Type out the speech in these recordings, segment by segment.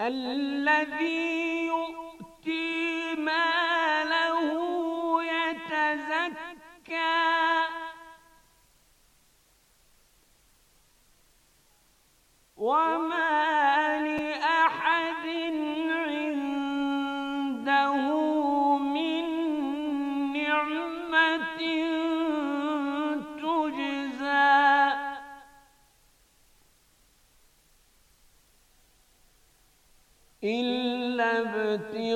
الذي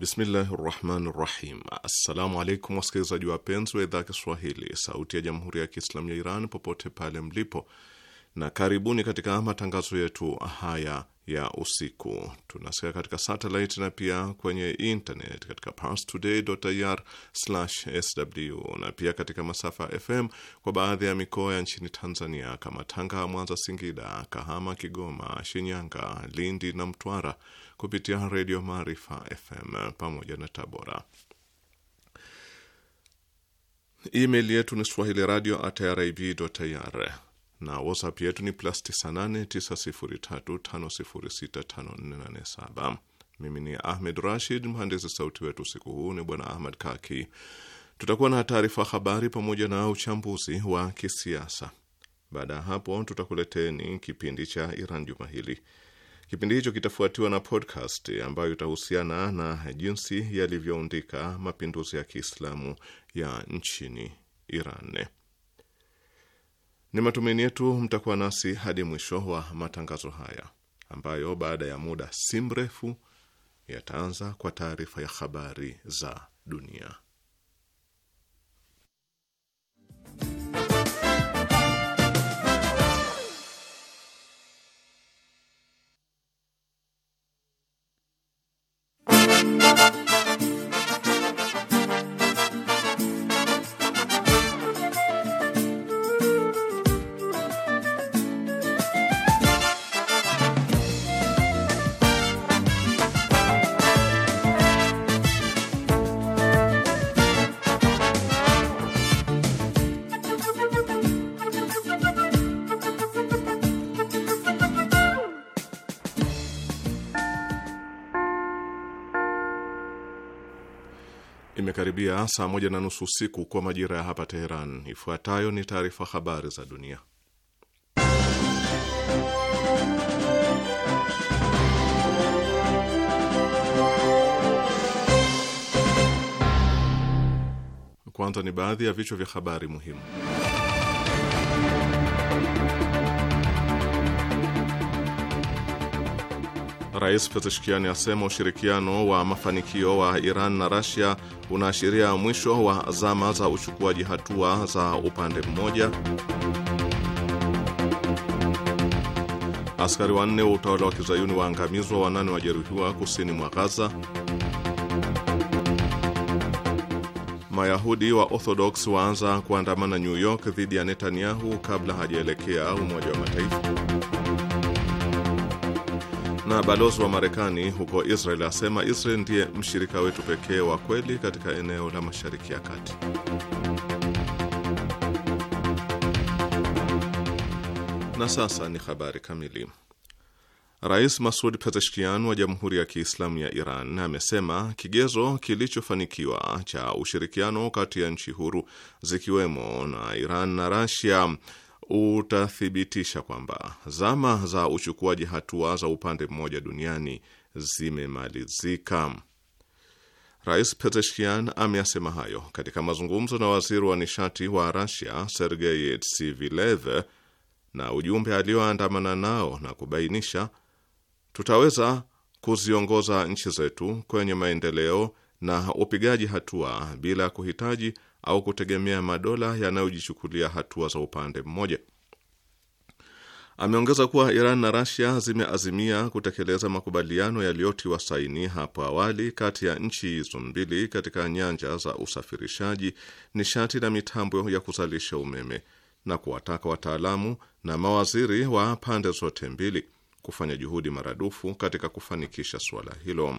Bismillahi rahmani rahim. Assalamu alaikum wasikilizaji wapenzi wa idhaa Kiswahili sauti ya jamhuri ya Kiislamu ya Iran popote pale mlipo, na karibuni katika matangazo yetu haya ya usiku. Tunasikia katika satellite na pia kwenye internet katika parstoday.ir/sw na pia katika masafa FM kwa baadhi ya mikoa ya nchini Tanzania kama Tanga, Mwanza, Singida, Kahama, Kigoma, Shinyanga, Lindi na Mtwara kupitia redio Maarifa FM pamoja na Tabora. Email yetu ni swahili radio at irib ir na whatsapp yetu ni plus 989035065487. Mimi ni Ahmed Rashid, mhandisi sauti wetu usiku huu ni Bwana Ahmad Kaki. Tutakuwa na taarifa habari pamoja na uchambuzi wa kisiasa. Baada ya hapo, tutakuleteni kipindi cha Iran juma hili. Kipindi hicho kitafuatiwa na podcast ambayo itahusiana na jinsi yalivyoundika mapinduzi ya Kiislamu ya nchini Iran. Ni matumaini yetu mtakuwa nasi hadi mwisho wa matangazo haya ambayo baada ya muda si mrefu yataanza kwa taarifa ya habari za dunia. imetimia saa moja na nusu usiku kwa majira ya hapa Teheran. Ifuatayo ni taarifa habari za dunia. Kwanza ni baadhi ya vichwa vya habari muhimu. Rais Pezeshkiani asema ushirikiano wa mafanikio wa Iran na Rasia unaashiria mwisho wa zama za uchukuaji hatua za upande mmoja. Askari wanne wa utawala wa kizayuni waangamizwa, wanane wajeruhiwa kusini mwa Gaza. Mayahudi wa Orthodox waanza kuandamana New York dhidi ya Netanyahu kabla hajaelekea Umoja wa Mataifa. Na balozi wa Marekani huko Israel asema Israel ndiye mshirika wetu pekee wa kweli katika eneo la Mashariki ya Kati. Na sasa ni habari kamili. Rais Masud Pezeshkian wa Jamhuri ya Kiislamu ya Iran amesema kigezo kilichofanikiwa cha ushirikiano kati ya nchi huru zikiwemo na Iran na Rasia utathibitisha kwamba zama za uchukuaji hatua za upande mmoja duniani zimemalizika. Rais Pezeshkian ameyasema hayo katika mazungumzo na waziri wa nishati wa Rasia Sergei Tsivilev na ujumbe aliyoandamana nao na kubainisha, tutaweza kuziongoza nchi zetu kwenye maendeleo na upigaji hatua bila kuhitaji au kutegemea madola yanayojichukulia hatua za upande mmoja. Ameongeza kuwa Iran na Rasia zimeazimia kutekeleza makubaliano yaliyotiwa saini hapo awali kati ya nchi hizo mbili katika nyanja za usafirishaji, nishati na mitambo ya kuzalisha umeme na kuwataka wataalamu na mawaziri wa pande zote mbili kufanya juhudi maradufu katika kufanikisha suala hilo.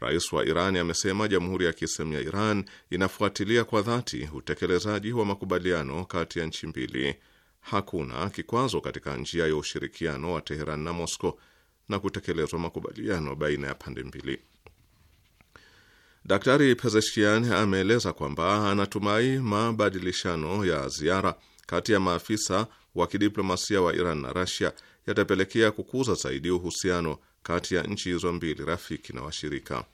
Rais wa Iran amesema Jamhuri ya Kiislamu ya Iran inafuatilia kwa dhati utekelezaji wa makubaliano kati ya nchi mbili. Hakuna kikwazo katika njia ya ushirikiano wa Teheran na Moscow na kutekelezwa makubaliano baina ya pande mbili. Daktari Pezeshkian ameeleza kwamba anatumai mabadilishano ya ziara kati ya maafisa wa kidiplomasia wa Iran na rasia yatapelekea kukuza zaidi uhusiano kati ya nchi hizo mbili rafiki na washirika.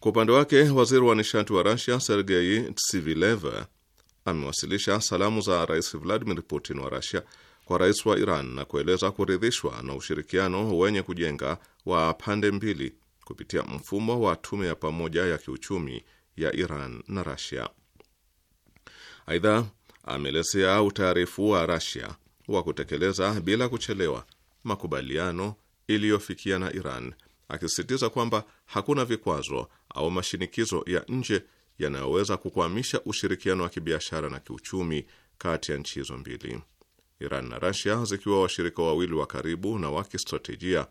Kwa upande wake, waziri wa nishati wa Rusia Sergei Tsivilev amewasilisha salamu za Rais Vladimir Putin wa Rusia kwa rais wa Iran na kueleza kuridhishwa na ushirikiano wenye kujenga wa pande mbili kupitia mfumo wa tume ya pamoja ya kiuchumi ya Iran na Rusia. Aidha, ameelezea utaarifu wa Rusia wa kutekeleza bila kuchelewa makubaliano iliyofikia na Iran, akisisitiza kwamba hakuna vikwazo au mashinikizo ya nje yanayoweza kukwamisha ushirikiano wa kibiashara na kiuchumi kati ya nchi hizo mbili. Iran na Rasia zikiwa washirika wawili wa karibu na wa kistratejia,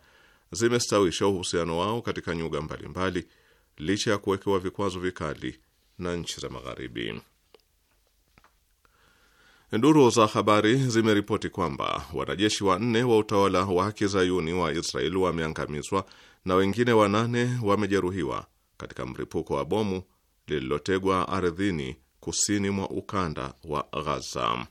zimestawisha uhusiano wao katika nyuga mbalimbali licha ya kuwekewa vikwazo vikali na nchi za Magharibi. Duru za habari zimeripoti kwamba wanajeshi wanne wa utawala wa kizayuni wa Israeli wameangamizwa na wengine wanane wamejeruhiwa katika mlipuko wa bomu lililotegwa ardhini kusini mwa ukanda wa Ghaza.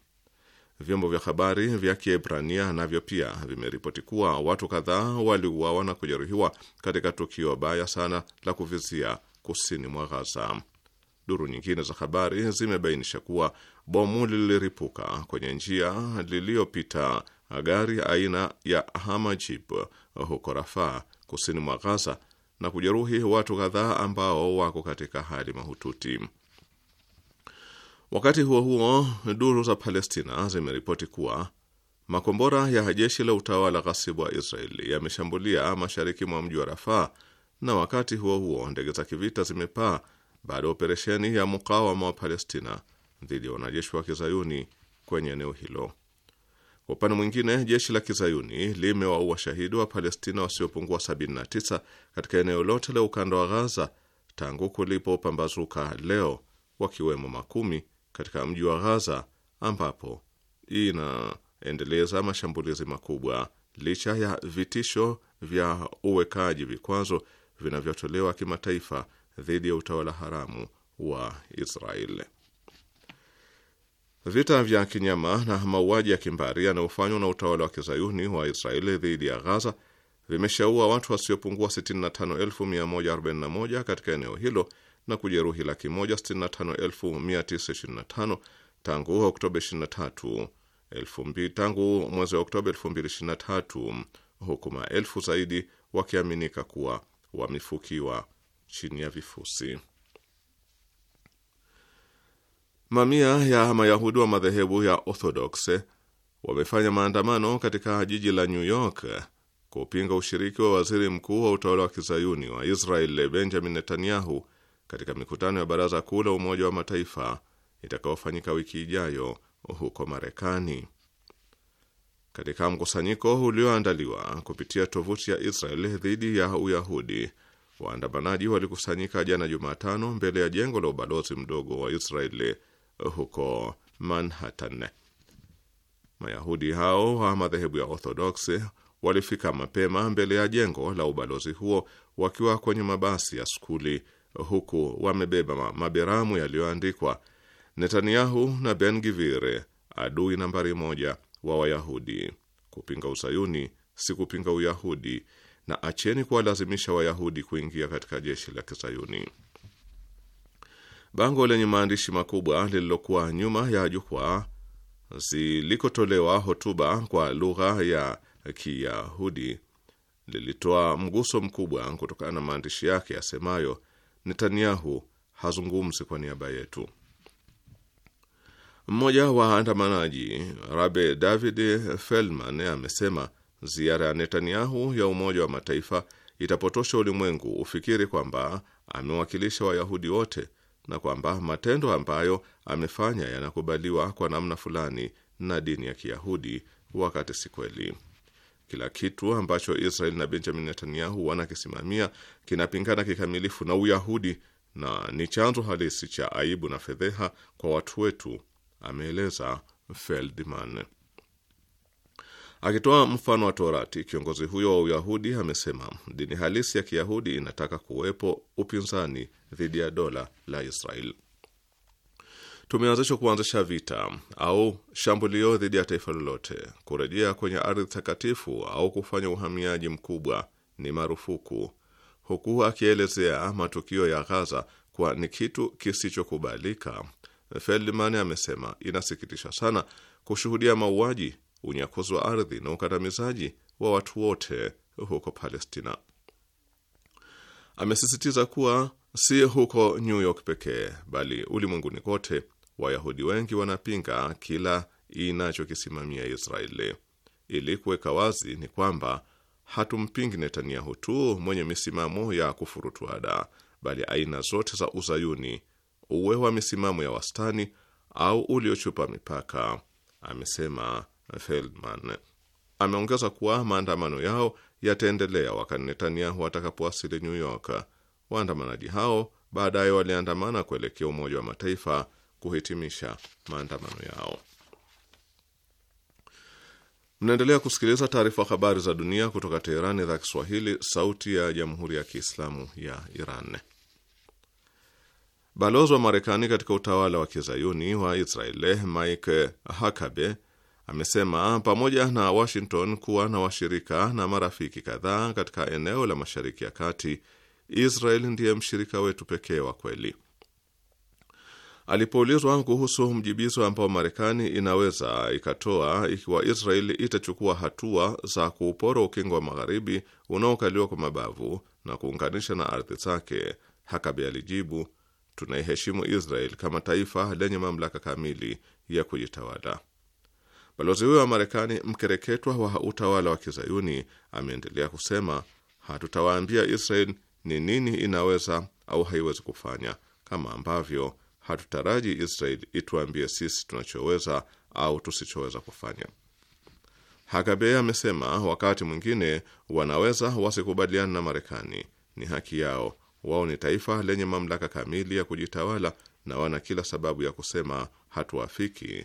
Vyombo vya habari vya Kiebrania navyo pia vimeripoti kuwa watu kadhaa waliuawa na kujeruhiwa katika tukio baya sana la kuvizia kusini mwa Ghaza. Duru nyingine za habari zimebainisha kuwa bomu liliripuka kwenye njia liliyopita gari aina ya Hamajib huko Rafaa, kusini mwa Ghaza, na kujeruhi watu kadhaa ambao wako katika hali mahututi. Wakati huo huo, duru za Palestina zimeripoti kuwa makombora ya jeshi la utawala ghasibu wa Israeli yameshambulia mashariki mwa mji wa Rafaa, na wakati huo huo ndege za kivita zimepaa baada ya operesheni ya mukawama wa Palestina dhidi ya wanajeshi wa kizayuni kwenye eneo hilo. Kwa upande mwingine, jeshi la kizayuni limewaua shahidi wa Palestina wasiopungua 79 katika eneo lote la ukanda wa Ghaza tangu kulipopambazuka leo, wakiwemo makumi katika mji wa Ghaza ambapo inaendeleza mashambulizi makubwa licha ya vitisho vya uwekaji vikwazo vinavyotolewa kimataifa dhidi ya utawala haramu wa Israeli. Vita vya kinyama na mauaji ya kimbari yanayofanywa na utawala wa kizayuni wa Israeli dhidi ya Ghaza vimeshaua watu wasiopungua 65141 katika eneo hilo na kujeruhi laki 165925 tangu Oktoba 23 tangu mwezi wa Oktoba 2023, huku maelfu zaidi wakiaminika kuwa wamefukiwa chini ya vifusi. Mamia ya Mayahudi wa madhehebu ya Orthodox wamefanya maandamano katika jiji la New York kupinga ushiriki wa waziri mkuu wa utawala wa kizayuni wa Israel Benjamin Netanyahu katika mikutano ya Baraza Kuu la Umoja wa Mataifa itakayofanyika wiki ijayo huko Marekani. Katika mkusanyiko ulioandaliwa kupitia tovuti ya Israel dhidi ya Uyahudi, waandamanaji walikusanyika jana Jumatano mbele ya jengo la ubalozi mdogo wa Israeli huko Manhattan. Mayahudi hao wa madhehebu ya Orthodoksi walifika mapema mbele ya jengo la ubalozi huo wakiwa kwenye mabasi ya skuli, huku wamebeba maberamu yaliyoandikwa Netanyahu na Ben Givire, adui nambari moja wa Wayahudi, kupinga Usayuni si kupinga Uyahudi, na acheni kuwalazimisha Wayahudi kuingia katika jeshi la Kisayuni. Bango lenye maandishi makubwa lililokuwa nyuma ya jukwaa zilikotolewa hotuba kwa lugha ya Kiyahudi lilitoa mguso mkubwa kutokana na maandishi yake yasemayo, Netanyahu hazungumzi kwa niaba yetu. Mmoja wa andamanaji Rabe David Feldman, amesema ziara ya Netanyahu ya Umoja wa Mataifa itapotosha ulimwengu ufikiri kwamba amewakilisha Wayahudi wote na kwamba matendo ambayo amefanya yanakubaliwa kwa namna fulani na dini ya Kiyahudi, wakati si kweli. Kila kitu ambacho Israel na Benjamin Netanyahu wanakisimamia kinapingana kikamilifu na Uyahudi na ni chanzo halisi cha aibu na fedheha kwa watu wetu, ameeleza Feldman. Akitoa mfano wa Torati, kiongozi huyo wa Uyahudi amesema dini halisi ya Kiyahudi inataka kuwepo upinzani dhidi ya dola la israel Tumeanzishwa kuanzisha vita au shambulio dhidi ya taifa lolote. Kurejea kwenye ardhi takatifu au kufanya uhamiaji mkubwa ni marufuku, huku akielezea matukio ya Ghaza kuwa ni kitu kisichokubalika. Feldman amesema inasikitisha sana kushuhudia mauaji unyakuzi wa ardhi na ukandamizaji wa watu wote huko Palestina. Amesisitiza kuwa si huko New York pekee, bali ulimwenguni kote Wayahudi wengi wanapinga kila inachokisimamia Israeli. Ili kuweka wazi ni kwamba hatumpingi Netanyahu tu mwenye misimamo ya kufurutuada, bali aina zote za Uzayuni, uwe wa misimamo ya wastani au uliochupa mipaka, amesema Feldman. Ameongeza kuwa maandamano yao yataendelea wakati Netanyahu atakapowasili New York. Waandamanaji hao baadaye waliandamana kuelekea Umoja wa Mataifa kuhitimisha maandamano yao. Mnaendelea kusikiliza taarifa habari za dunia kutoka Teherani, idhaa Kiswahili, sauti ya jamhuri ya kiislamu ya Iran. Balozi wa Marekani katika utawala wa kizayuni wa Israeli Mike Hakabe amesema pamoja na Washington kuwa na washirika na marafiki kadhaa katika eneo la Mashariki ya Kati, Israel ndiye mshirika wetu pekee wa kweli. Alipoulizwa kuhusu mjibizo ambao Marekani inaweza ikatoa ikiwa Israel itachukua hatua za kuupora ukingo wa magharibi unaokaliwa kwa mabavu na kuunganisha na ardhi zake, Hakabi alijibu, tunaiheshimu Israel kama taifa lenye mamlaka kamili ya kujitawala. Balozi huyo wa Marekani, mkereketwa wa utawala wa Kizayuni, ameendelea kusema, hatutawaambia Israel ni nini inaweza au haiwezi kufanya, kama ambavyo hatutaraji Israel ituambie sisi tunachoweza au tusichoweza kufanya. Hakabe amesema wakati mwingine wanaweza wasikubaliana na Marekani, ni haki yao. Wao ni taifa lenye mamlaka kamili ya kujitawala na wana kila sababu ya kusema hatuafiki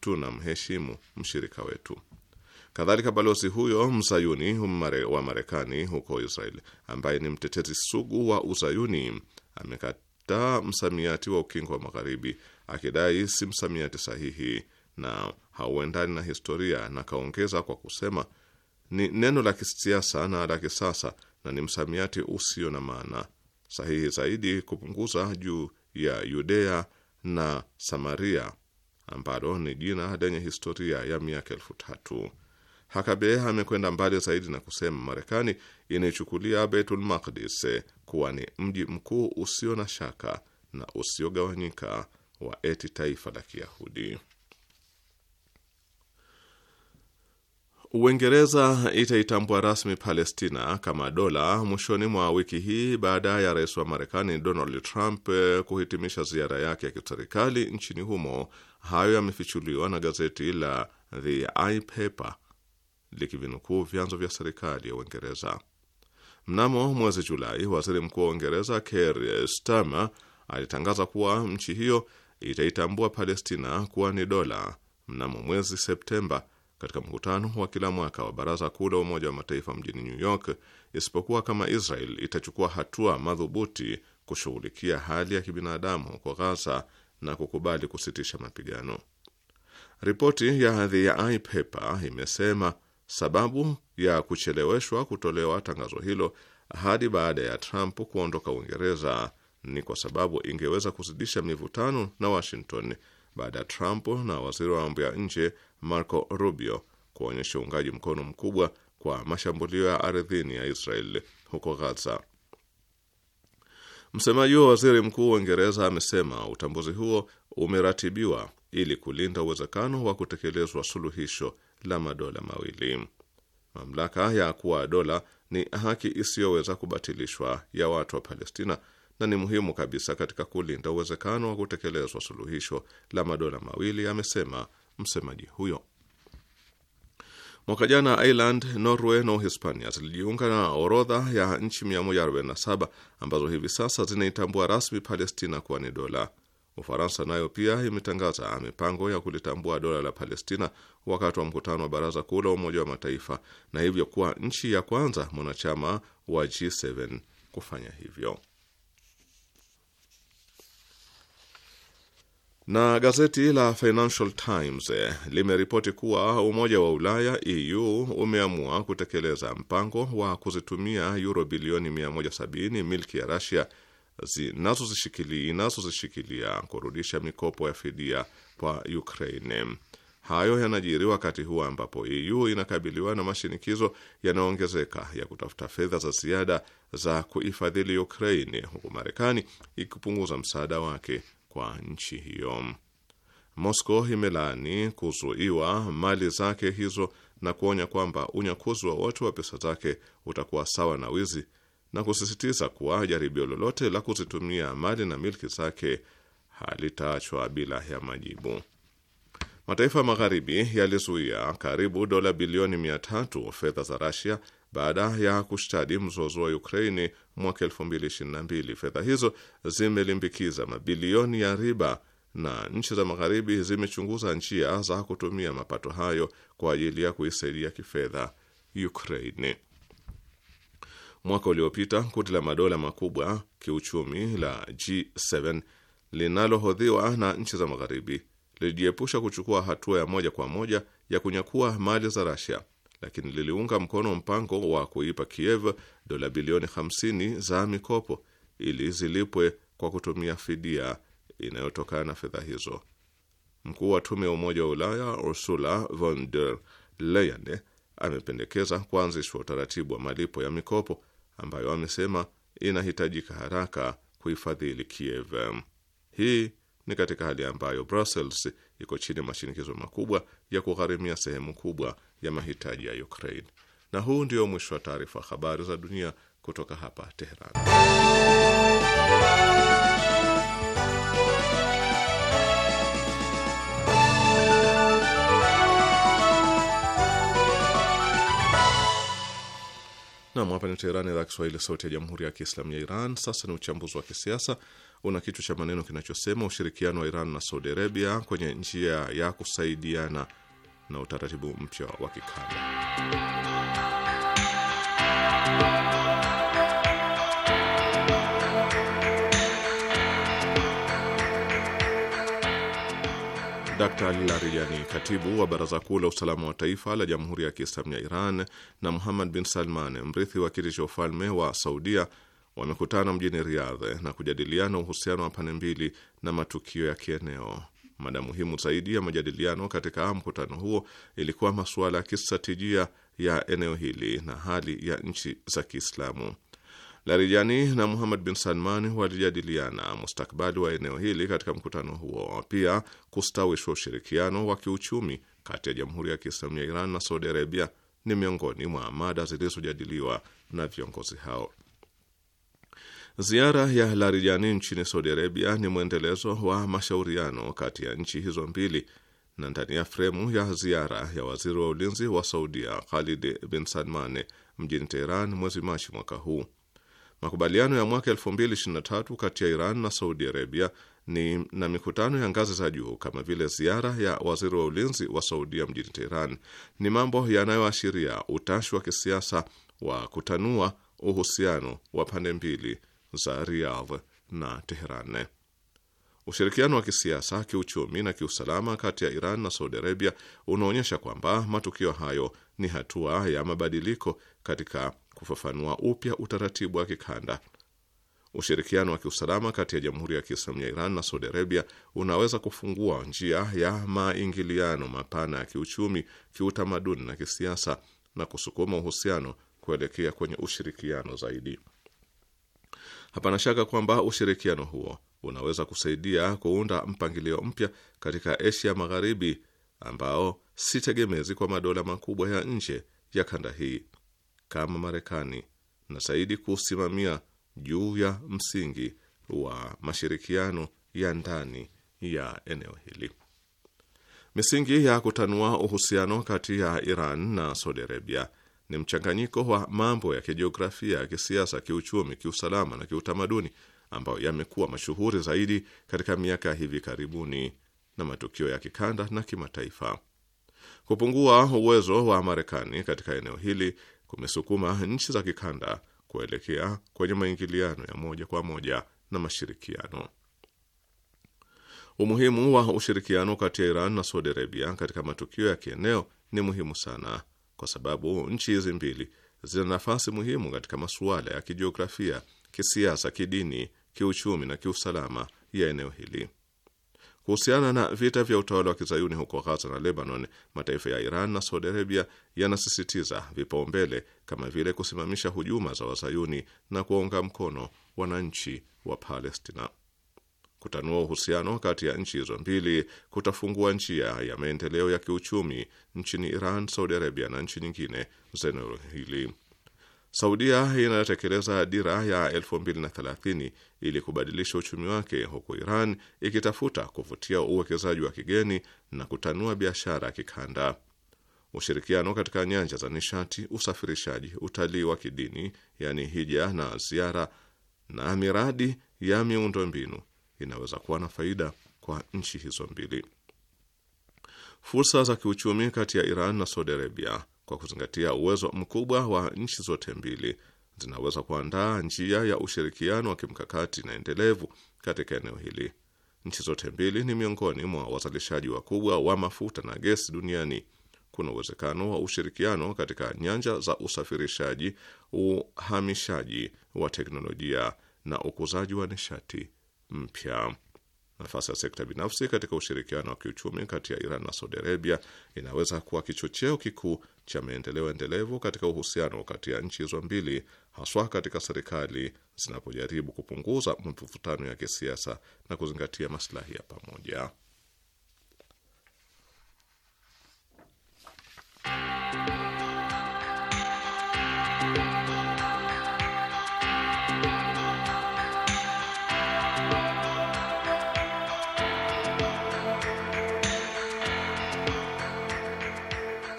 tunamheshimu mshirika wetu. Kadhalika, balozi huyo mzayuni wa Marekani huko Israel ambaye ni mtetezi sugu wa uzayuni amekataa msamiati wa ukingo wa Magharibi akidai si msamiati sahihi na hauendani na historia, na kaongeza kwa kusema ni neno la kisiasa na la kisasa na ni msamiati usio na maana sahihi zaidi kupunguza juu ya Yudea na Samaria ambalo ni jina lenye historia ya miaka elfu tatu. Hakabe amekwenda mbali zaidi na kusema Marekani inaichukulia Beitul Makdis kuwa ni mji mkuu usio na shaka na usiogawanyika wa eti taifa la Kiyahudi. Uingereza itaitambua rasmi Palestina kama dola mwishoni mwa wiki hii baada ya rais wa Marekani Donald Trump eh, kuhitimisha ziara yake ya kiserikali nchini humo. Hayo yamefichuliwa na gazeti la The Eye Paper likivinukuu vyanzo vya serikali ya Uingereza. Mnamo mwezi Julai, waziri mkuu wa Uingereza Keir Starmer alitangaza kuwa nchi hiyo itaitambua Palestina kuwa ni dola mnamo mwezi Septemba katika mkutano wa kila mwaka wa Baraza Kuu la Umoja wa Mataifa mjini New York, isipokuwa kama Israel itachukua hatua madhubuti kushughulikia hali ya kibinadamu huko Gaza na kukubali kusitisha mapigano. Ripoti ya The Paper imesema sababu ya kucheleweshwa kutolewa tangazo hilo hadi baada ya Trump kuondoka Uingereza ni kwa sababu ingeweza kuzidisha mivutano na Washington baada ya Trump na waziri wa mambo ya nje Marco Rubio kuonyesha uungaji mkono mkubwa kwa mashambulio ya ardhini ya Israel huko Gaza. Msemaji wa waziri mkuu wa Uingereza amesema utambuzi huo umeratibiwa ili kulinda uwezekano wa kutekelezwa suluhisho la madola mawili. Mamlaka ya kuwa dola ni haki isiyoweza kubatilishwa ya watu wa Palestina na ni muhimu kabisa katika kulinda uwezekano wa kutekelezwa suluhisho la madola mawili, amesema msemaji huyo. Mwaka jana Ireland, Norway na Uhispania zilijiunga na orodha ya nchi 147 ambazo hivi sasa zinaitambua rasmi Palestina kuwa ni dola. Ufaransa nayo pia imetangaza mipango ya kulitambua dola la Palestina wakati wa mkutano wa Baraza Kuu la Umoja wa Mataifa na hivyo kuwa nchi ya kwanza mwanachama wa G7 kufanya hivyo. Na gazeti la Financial Times eh, limeripoti kuwa Umoja wa Ulaya EU umeamua kutekeleza mpango wa kuzitumia euro bilioni 170 milki ya Russia inazozishikilia kurudisha mikopo ya fidia kwa Ukraine. Hayo yanajiri wakati huu ambapo EU inakabiliwa na mashinikizo yanayoongezeka ya kutafuta fedha za ziada za kuifadhili Ukraine, huku Marekani ikipunguza msaada wake kwa nchi hiyo. Moscow imelaani kuzuiwa mali zake hizo na kuonya kwamba unyakuzi wowote wa pesa zake utakuwa sawa na wizi na kusisitiza kuwa jaribio lolote la kuzitumia mali na milki zake halitaachwa bila ya majibu. Mataifa magharibi yalizuia karibu dola bilioni mia tatu fedha za Rasia baada ya kushtadi mzozo wa Ukraini mwaka 2022. Fedha hizo zimelimbikiza mabilioni ya riba na nchi za Magharibi zimechunguza njia za kutumia mapato hayo kwa ajili ya kuisaidia kifedha Ukraini. Mwaka uliopita kundi la madola makubwa kiuchumi la G7 linalohodhiwa na nchi za Magharibi lilijiepusha kuchukua hatua ya moja kwa moja ya kunyakua mali za Russia lakini liliunga mkono mpango wa kuipa Kiev dola bilioni 50 za mikopo ili zilipwe kwa kutumia fidia inayotokana na fedha hizo. Mkuu wa tume ya Umoja wa Ulaya Ursula von der Leyen amependekeza kuanzishwa utaratibu wa malipo ya mikopo ambayo amesema inahitajika haraka kuifadhili Kiev. Hii ni katika hali ambayo Brussels iko chini ya mashinikizo makubwa ya kugharimia sehemu kubwa ya mahitaji ya Ukraine. Na huu ndio mwisho wa taarifa habari za dunia kutoka hapa Teheran. Nam, hapa ni Teherani, idhaa Kiswahili, sauti ya jamhuri ya kiislamu ya Iran. Sasa ni uchambuzi wa kisiasa una kichwa cha maneno kinachosema ushirikiano wa Iran na Saudi Arabia kwenye njia ya kusaidiana na utaratibu mpya wa kikanda Dr. Ali Larijani, katibu wa Baraza Kuu la Usalama wa Taifa la Jamhuri ya Kiislamu ya Iran, na Muhammad bin Salman, mrithi wa kiti cha ufalme wa Saudia, wamekutana mjini Riyadh na kujadiliana uhusiano wa pande mbili na matukio ya kieneo. Mada muhimu zaidi ya majadiliano katika mkutano huo ilikuwa masuala ya kistratejia ya eneo hili na hali ya nchi za Kiislamu. Larijani na Muhammad bin Salman walijadiliana mustakbali wa eneo hili katika mkutano huo, pia kustawishwa ushirikiano wa kiuchumi kati ya Jamhuri ya Kiislamu ya Iran na Saudi Arabia ni miongoni mwa mada zilizojadiliwa na viongozi hao. Ziara ya Larijani nchini Saudi Arabia ni mwendelezo wa mashauriano kati ya nchi hizo mbili na ndani ya fremu ya ziara ya waziri wa ulinzi wa Saudia Khalid bin Salman mjini Teheran mwezi Machi mwaka huu Makubaliano ya mwaka 2023 kati ya Iran na Saudi Arabia ni na mikutano ya ngazi za juu kama vile ziara ya waziri wa ulinzi wa Saudia mjini Teheran ni mambo yanayoashiria utashi wa kisiasa wa kutanua uhusiano wa pande mbili za Riyadh na Teheran. Ushirikiano wa kisiasa, kiuchumi na kiusalama kati ya Iran na Saudi Arabia unaonyesha kwamba matukio hayo ni hatua ya mabadiliko katika kufafanua upya utaratibu wa kikanda. Ushirikiano wa kiusalama kati ya Jamhuri ya Kiislamu ya Iran na Saudi Arabia unaweza kufungua njia ya maingiliano mapana ya kiuchumi, kiutamaduni na kisiasa na kusukuma uhusiano kuelekea kwenye ushirikiano zaidi. Hapana shaka kwamba ushirikiano huo unaweza kusaidia kuunda mpangilio mpya katika Asia Magharibi ambao si tegemezi kwa madola makubwa ya nje ya kanda hii kama Marekani na zaidi kusimamia juu ya msingi wa mashirikiano ya ndani ya eneo hili. Misingi ya kutanua uhusiano kati ya Iran na Saudi Arabia ni mchanganyiko wa mambo ya kijiografia, kisiasa, kiuchumi, kiusalama na kiutamaduni ambayo yamekuwa mashuhuri zaidi katika miaka hivi karibuni na matukio ya kikanda na kimataifa. Kupungua uwezo wa Marekani katika eneo hili umesukuma nchi za kikanda kuelekea kwenye maingiliano ya moja kwa moja na mashirikiano. Umuhimu wa ushirikiano kati ya Iran na Saudi Arabia katika matukio ya kieneo ni muhimu sana, kwa sababu nchi hizi mbili zina nafasi muhimu katika masuala ya kijiografia, kisiasa, kidini, kiuchumi na kiusalama ya eneo hili. Kuhusiana na vita vya utawala wa kizayuni huko Ghaza na Lebanon, mataifa ya Iran na Saudi Arabia yanasisitiza vipaumbele kama vile kusimamisha hujuma za wazayuni na kuwaunga mkono wananchi wa Palestina. Kutanua uhusiano kati ya nchi hizo mbili kutafungua njia ya maendeleo ya kiuchumi nchini Iran, Saudi Arabia na nchi nyingine za eneo hili. Saudia inatekeleza dira ya 2030 ili kubadilisha uchumi wake, huku Iran ikitafuta kuvutia uwekezaji wa kigeni na kutanua biashara ya kikanda. Ushirikiano katika nyanja za nishati, usafirishaji, utalii wa kidini, yani hija na ziara, na miradi ya miundo mbinu inaweza kuwa na faida kwa nchi hizo mbili. Fursa za kiuchumi kati ya Iran na Saudi Arabia kwa kuzingatia uwezo mkubwa wa nchi zote mbili, zinaweza kuandaa njia ya ushirikiano wa kimkakati na endelevu katika eneo hili. Nchi zote mbili ni miongoni mwa wazalishaji wakubwa wa mafuta na gesi duniani. Kuna uwezekano wa ushirikiano katika nyanja za usafirishaji, uhamishaji wa teknolojia na ukuzaji wa nishati mpya. Nafasi ya sekta binafsi katika ushirikiano wa kiuchumi kati ya Iran na Saudi Arabia inaweza kuwa kichocheo kikuu cha maendeleo endelevu katika uhusiano kati ya nchi hizo mbili, haswa katika serikali zinapojaribu kupunguza mivutano ya kisiasa na kuzingatia maslahi ya pamoja.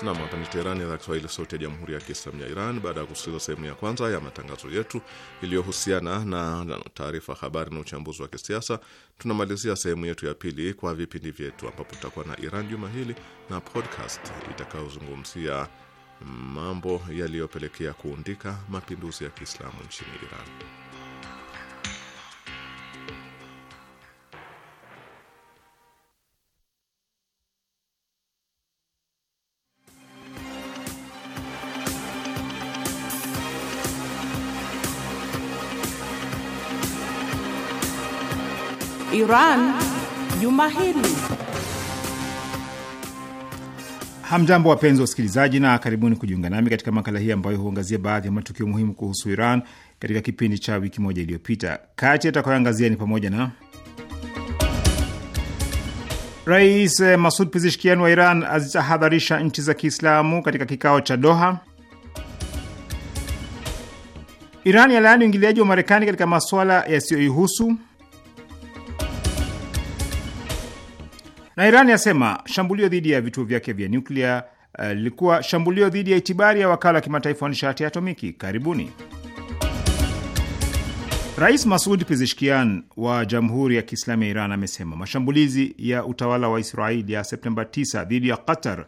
Nam, hapa ni Teherani, idhaa ya Kiswahili, sauti ya jamhuri ya kiislamu ya Iran. Baada ya kusikiliza sehemu ya kwanza ya matangazo yetu iliyohusiana na, na taarifa habari na uchambuzi wa kisiasa, tunamalizia sehemu yetu ya pili kwa vipindi vyetu, ambapo tutakuwa na Iran juma hili na podcast itakayozungumzia mambo yaliyopelekea kuundika mapinduzi ya kiislamu nchini Iran. Iran juma hili. Hamjambo, wapenzi wa usikilizaji, na karibuni kujiunga nami katika makala hii ambayo huangazia baadhi ya matukio muhimu kuhusu Iran katika kipindi cha wiki moja iliyopita. Kati atakayoangazia ni pamoja na Rais Masud Pezeshkian wa Iran azitahadharisha nchi za Kiislamu katika kikao cha Doha. Iran yalaani uingiliaji wa Marekani katika masuala yasiyoihusu. Na Iran yasema shambulio dhidi ya vituo vyake vya nyuklia eh, lilikuwa uh, shambulio dhidi ya itibari ya wakala wa kimataifa wa nishati ya atomiki. Karibuni. Rais Masud Pezeshkian wa Jamhuri ya Kiislamu ya Iran amesema mashambulizi ya utawala wa Israeli ya Septemba 9 dhidi ya Qatar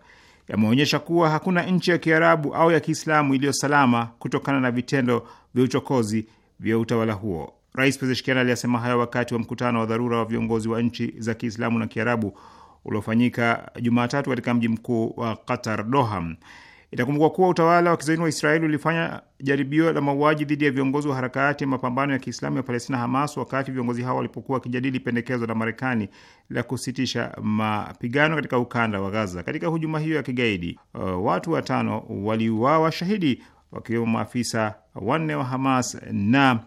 yameonyesha kuwa hakuna nchi ya Kiarabu au ya Kiislamu iliyo salama kutokana na vitendo vya uchokozi vya utawala huo. Rais Pezeshkian aliyasema hayo wakati wa mkutano wa dharura wa viongozi wa nchi za Kiislamu na Kiarabu uliofanyika Jumatatu katika mji mkuu wa Qatar, Doha. Itakumbukwa kuwa utawala wa kizaini wa Israeli ulifanya jaribio la mauaji dhidi ya viongozi wa harakati ya mapambano ya Kiislamu ya Palestina, Hamas, wakati viongozi hao walipokuwa wakijadili pendekezo la Marekani la kusitisha mapigano katika ukanda wa Gaza. Katika hujuma hiyo ya kigaidi, uh, watu watano waliuawa shahidi wakiwemo maafisa wanne wa Hamas na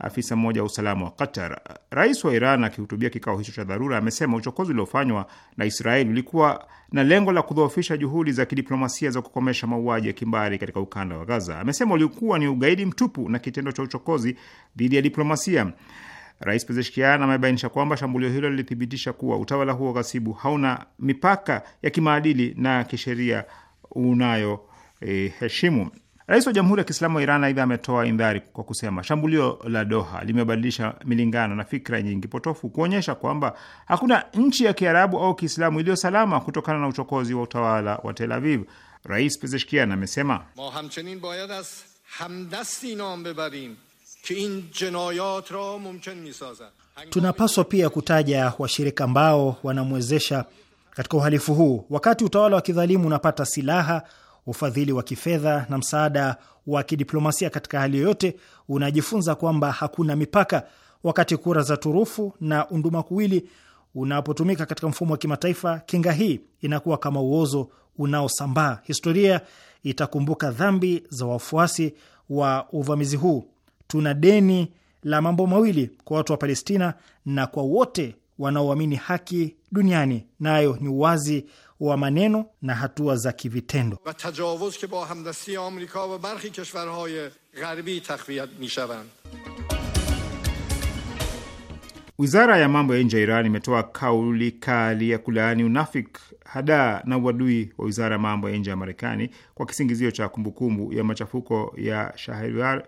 afisa mmoja wa usalama wa Qatar. Rais wa Iran akihutubia kikao hicho cha dharura amesema uchokozi uliofanywa na Israeli ulikuwa na lengo la kudhoofisha juhudi za kidiplomasia za kukomesha mauaji ya kimbari katika ukanda wa Gaza. Amesema ulikuwa ni ugaidi mtupu na kitendo cha uchokozi dhidi ya diplomasia. Rais Pezeshkian amebainisha kwamba shambulio hilo lilithibitisha kuwa utawala huo ghasibu hauna mipaka ya kimaadili na kisheria unayoheshimu. Eh, Rais wa Jamhuri ya Kiislamu wa Iran aidha ametoa indhari kwa kusema shambulio la Doha limebadilisha milingano na fikra nyingi potofu, kuonyesha kwamba hakuna nchi ya Kiarabu au Kiislamu iliyo salama kutokana na uchokozi wa utawala wa Tel Aviv. Rais Pezeshkian amesema tunapaswa pia kutaja washirika ambao wanamwezesha katika uhalifu huu. Wakati utawala wa kidhalimu unapata silaha ufadhili wa kifedha na msaada wa kidiplomasia katika hali yoyote, unajifunza kwamba hakuna mipaka, wakati kura za turufu na undumakuwili unapotumika katika mfumo wa kimataifa, kinga hii inakuwa kama uozo unaosambaa. Historia itakumbuka dhambi za wafuasi wa uvamizi huu. Tuna deni la mambo mawili kwa watu wa Palestina na kwa wote wanaoamini haki duniani, nayo ni uwazi wa maneno na hatua za kivitendo. Wizara ya mambo ya nje ya Iran imetoa kauli kali ya kulaani unafiki, hadaa na uadui wa wizara ya mambo ya nje ya Marekani kwa kisingizio cha kumbukumbu ya machafuko ya shahrar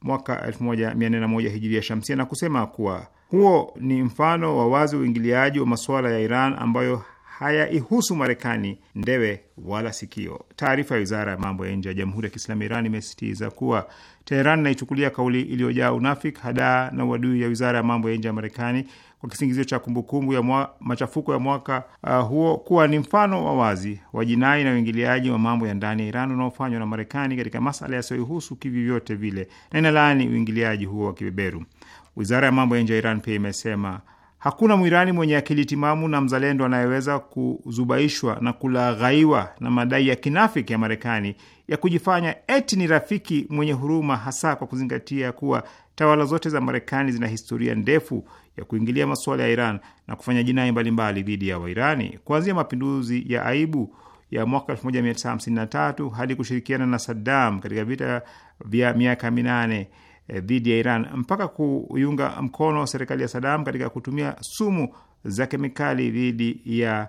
mwaka 1401 ya shamsia na kusema kuwa huo ni mfano wa wazi uingiliaji wa masuala ya Iran ambayo hayaihusu Marekani ndewe wala sikio. Taarifa ya wizara ya mambo ya nje ya Jamhuri ya Kiislamu Iran imesisitiza kuwa Teheran inaichukulia kauli iliyojaa unafiki, hadaa na uadui ya wizara ya mambo ya nje ya Marekani kwa kisingizio cha kumbukumbu ya mwa, machafuko ya mwaka uh, huo kuwa ni mfano wa wazi wa jinai na uingiliaji wa mambo ya ndani ya Iran unaofanywa na Marekani katika masala yasiyoihusu kivyovyote vile na inalaani uingiliaji huo wa kibeberu. Wizara ya mambo ya nje ya Iran pia imesema Hakuna Mwirani mwenye akili timamu na mzalendo anayeweza kuzubaishwa na kulaghaiwa na madai ya kinafiki ya Marekani ya kujifanya eti ni rafiki mwenye huruma, hasa kwa kuzingatia kuwa tawala zote za Marekani zina historia ndefu ya kuingilia masuala ya Iran na kufanya jinai mbalimbali dhidi ya Wairani, kuanzia mapinduzi ya aibu ya mwaka 1953 hadi kushirikiana na Saddam katika vita vya miaka minane Eh, dhidi ya Iran mpaka kuiunga mkono serikali ya Sadam katika kutumia sumu za kemikali dhidi ya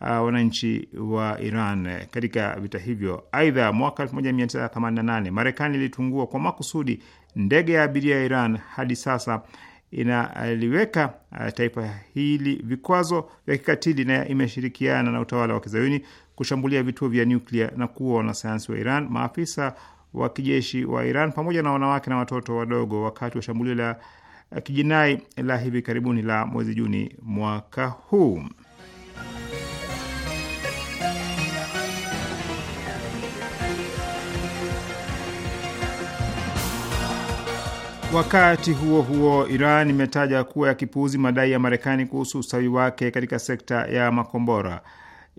uh, wananchi wa Iran eh, katika vita hivyo. Aidha, mwaka 1988 Marekani ilitungua kwa makusudi ndege ya abiria ya Iran. Hadi sasa inaliweka uh, taifa hili vikwazo vya kikatili na imeshirikiana na utawala wa kizayuni kushambulia vituo vya nyuklia na kuwa wanasayansi wa Iran, maafisa wa kijeshi wa Iran pamoja na wanawake na watoto wadogo wakati wa shambulio la kijinai la hivi karibuni la mwezi Juni mwaka huu. Wakati huo huo, Iran imetaja kuwa ya kipuuzi madai ya Marekani kuhusu ustawi wake katika sekta ya makombora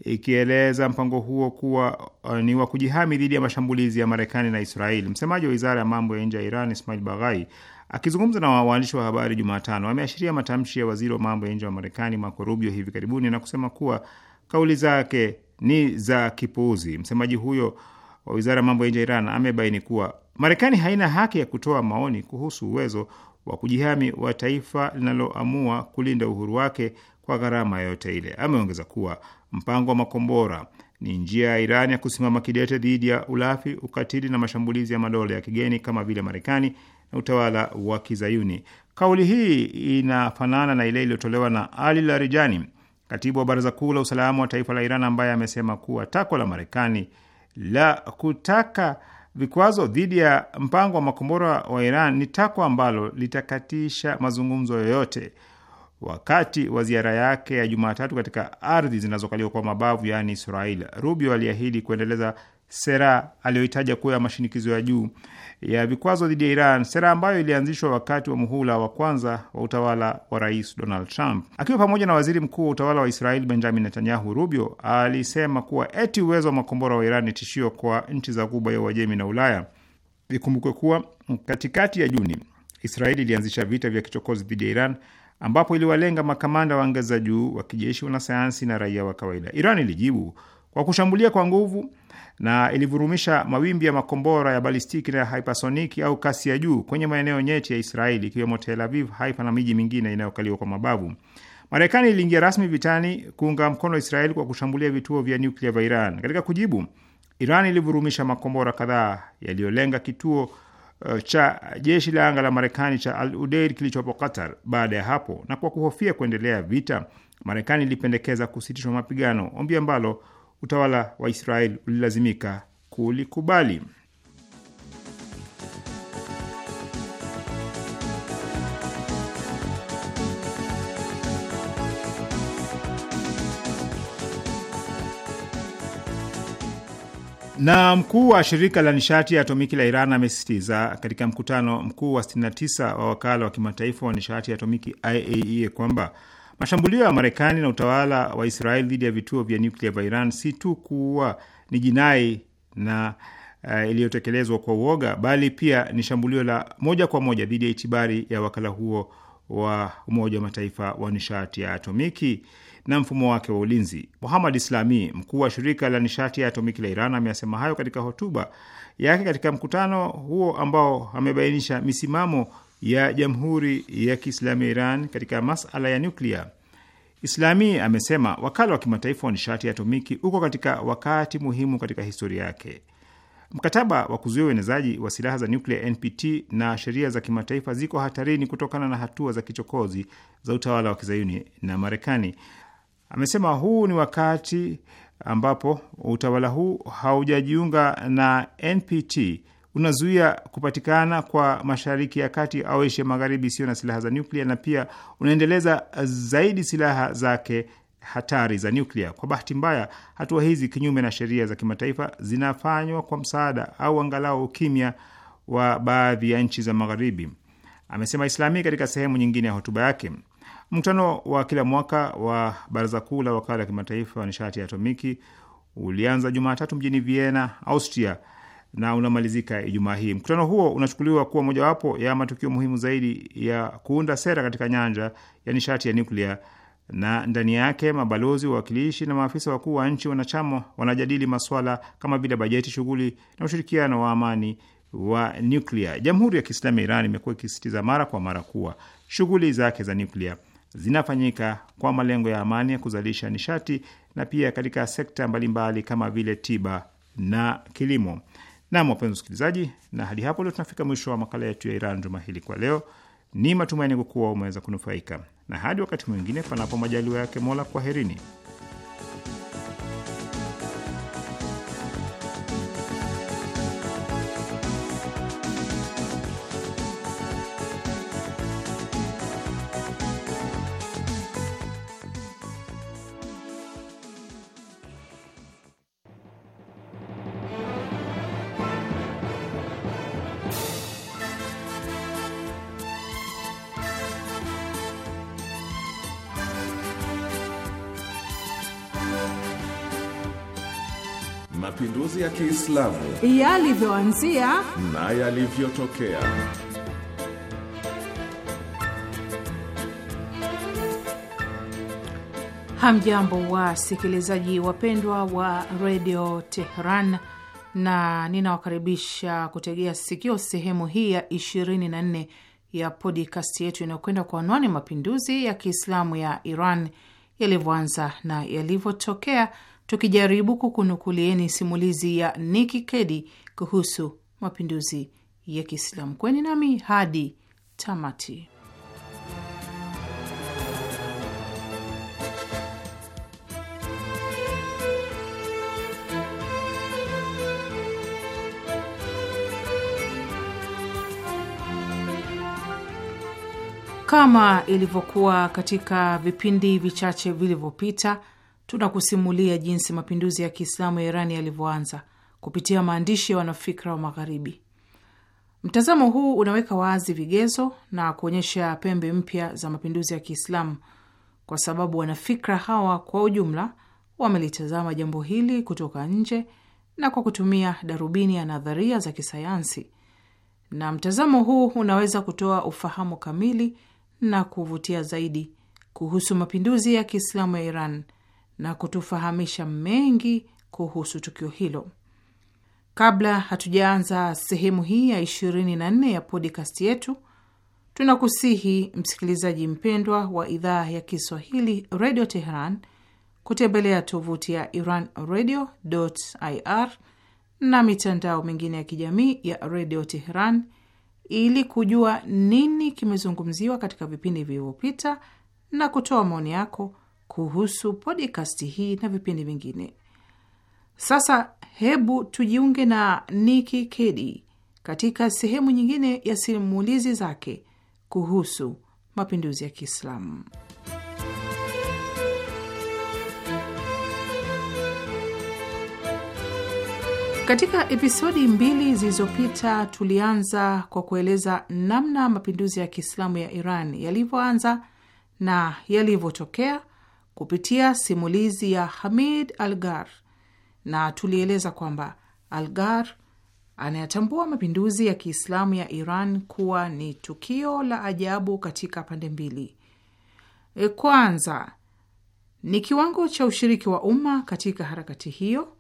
ikieleza mpango huo kuwa uh, ni wa kujihami dhidi ya mashambulizi ya Marekani na Israeli. Msemaji wa wizara ya mambo ya nje ya Iran Ismail Baghai akizungumza na waandishi wa habari Jumatano ameashiria matamshi ya waziri wa mambo ya nje wa Marekani Marco Rubio hivi karibuni na kusema kuwa kauli zake ni za kipuuzi. Msemaji huyo wa wizara ya mambo ya nje ya Iran amebaini kuwa Marekani haina haki ya kutoa maoni kuhusu uwezo wa kujihami wa taifa linaloamua kulinda uhuru wake kwa gharama yoyote ile. Ameongeza kuwa mpango wa makombora ni njia ya Iran ya kusimama kidete dhidi ya ulafi, ukatili na mashambulizi ya madola ya kigeni kama vile Marekani na utawala wa Kizayuni. Kauli hii inafanana na ile iliyotolewa na Ali Larijani, katibu wa Baraza Kuu la Usalama wa Taifa la Iran, ambaye amesema kuwa takwa la Marekani la kutaka vikwazo dhidi ya mpango wa makombora wa Iran ni takwa ambalo litakatisha mazungumzo yoyote wakati wa ziara yake ya Jumatatu katika ardhi zinazokaliwa kwa mabavu yaani Israel. Rubio aliahidi kuendeleza sera aliyoitaja kuwa ya mashinikizo ya juu ya vikwazo dhidi ya Iran, sera ambayo ilianzishwa wakati wa muhula wa kwanza wa utawala wa Rais Donald Trump. Akiwa pamoja na waziri mkuu wa utawala wa israel Benjamin Netanyahu, Rubio alisema kuwa eti uwezo wa makombora wa Iran ni tishio kwa nchi za Ghuba ya Uajemi na Ulaya. Ikumbukwe kuwa katikati ya Juni Israeli ilianzisha vita vya kichokozi dhidi ya Iran ambapo iliwalenga makamanda wa za juu wa kijeshi, wanasayansi na raia wa kawaida. Iran ilijibu kwa kushambulia kwa nguvu na ilivurumisha mawimbi ya makombora ya balistiki na ya hypersoniki au kasi ya juu kwenye maeneo nyeti ya Israeli ikiwemo Tel Aviv, Haifa na miji mingine inayokaliwa kwa mabavu. Marekani iliingia rasmi vitani kuunga mkono Israeli kwa kushambulia vituo vya nyuklia vya Iran. Katika kujibu, Iran ilivurumisha makombora kadhaa yaliyolenga kituo Eh, cha jeshi la anga la Marekani cha Al Udeid kilichopo Qatar. Baada ya hapo, na kwa kuhofia kuendelea vita, Marekani ilipendekeza kusitishwa mapigano, ombi ambalo utawala wa Israel ulilazimika kulikubali. Na mkuu wa shirika la nishati ya atomiki la Iran amesisitiza katika mkutano mkuu wa 69 wa wakala wa kimataifa wa nishati ya atomiki IAEA e, kwamba mashambulio ya Marekani na utawala wa Israeli dhidi ya vituo vya nyuklia vya Iran si tu kuwa ni jinai na uh, iliyotekelezwa kwa uoga, bali pia ni shambulio la moja kwa moja dhidi ya itibari ya wakala huo wa Umoja wa Mataifa wa nishati ya atomiki na mfumo wake wa ulinzi. Muhamad Islami, mkuu wa shirika la nishati ya atomiki la Iran, ameyasema hayo katika hotuba yake katika mkutano huo ambao amebainisha misimamo ya Jamhuri ya Kiislamu ya Iran katika masala ya nyuklia. Islami amesema wakala wa kimataifa wa nishati ya atomiki uko katika wakati muhimu katika historia yake. Mkataba wa kuzuia uenezaji wa silaha za nyuklia NPT na sheria za kimataifa ziko hatarini kutokana na hatua za kichokozi za utawala wa kizayuni na Marekani. Amesema huu ni wakati ambapo utawala huu haujajiunga na NPT unazuia kupatikana kwa Mashariki ya Kati au Asia Magharibi isiyo na silaha za nyuklia na pia unaendeleza zaidi silaha zake hatari za nyuklia. Kwa bahati mbaya, hatua hizi kinyume na sheria za kimataifa zinafanywa kwa msaada au angalau ukimya wa baadhi ya nchi za Magharibi, amesema Islami katika sehemu nyingine ya hotuba yake. Mkutano wa kila mwaka wa Baraza Kuu la Wakala wa Kimataifa wa Nishati ya Atomiki ulianza Jumatatu mjini Vienna, Austria na unamalizika Ijumaa hii. Mkutano huo unachukuliwa kuwa mojawapo ya matukio muhimu zaidi ya kuunda sera katika nyanja ya nishati ya nuklia, na ndani yake mabalozi, wawakilishi na maafisa wakuu wa nchi wanachama wanajadili maswala kama vile bajeti, shughuli na ushirikiano wa amani wa nuklia. Jamhuri ya Kiislamu ya Iran imekuwa ikisisitiza mara kwa mara kuwa shughuli zake za nuklia zinafanyika kwa malengo ya amani ya kuzalisha nishati na pia katika sekta mbalimbali mbali kama vile tiba na kilimo. Nam, wapenzi usikilizaji na hadi hapo ndio tunafika mwisho wa makala yetu ya Iran juma hili kwa leo. Ni matumaini kuwa umeweza kunufaika, na hadi wakati mwingine, panapo majaliwa yake Mola, kwaherini. Uislamu yalivyoanzia na yalivyotokea. Hamjambo wasikilizaji wapendwa wa redio Tehran, na ninawakaribisha kutegea sikio sehemu hii ya 24 ya podcast yetu inayokwenda kwa anwani mapinduzi ya Kiislamu ya Iran yalivyoanza na yalivyotokea tukijaribu kukunukulieni simulizi ya Niki Kedi kuhusu mapinduzi ya Kiislamu. Kweni nami hadi tamati. Kama ilivyokuwa katika vipindi vichache vilivyopita tunakusimulia jinsi mapinduzi ya Kiislamu ya Irani yalivyoanza kupitia maandishi ya wanafikra wa Magharibi. Mtazamo huu unaweka wazi vigezo na kuonyesha pembe mpya za mapinduzi ya Kiislamu, kwa sababu wanafikra hawa kwa ujumla wamelitazama jambo hili kutoka nje na kwa kutumia darubini ya nadharia za kisayansi, na mtazamo huu unaweza kutoa ufahamu kamili na kuvutia zaidi kuhusu mapinduzi ya Kiislamu ya Iran na kutufahamisha mengi kuhusu tukio hilo. Kabla hatujaanza sehemu hii ya 24 ya podcast yetu, tunakusihi msikilizaji mpendwa wa idhaa ya Kiswahili Radio Tehran kutembelea tovuti ya Iran Radio ir na mitandao mingine ya kijamii ya Radio Tehran ili kujua nini kimezungumziwa katika vipindi vilivyopita na kutoa maoni yako kuhusu podcast hii na vipindi vingine. Sasa hebu tujiunge na Niki Kedi katika sehemu nyingine ya simulizi zake kuhusu mapinduzi ya Kiislamu. Katika episodi mbili zilizopita tulianza kwa kueleza namna mapinduzi ya Kiislamu ya Iran yalivyoanza na yalivyotokea kupitia simulizi ya Hamid Algar, na tulieleza kwamba Algar anayatambua mapinduzi ya Kiislamu ya Iran kuwa ni tukio la ajabu katika pande mbili. E, kwanza ni kiwango cha ushiriki wa umma katika harakati hiyo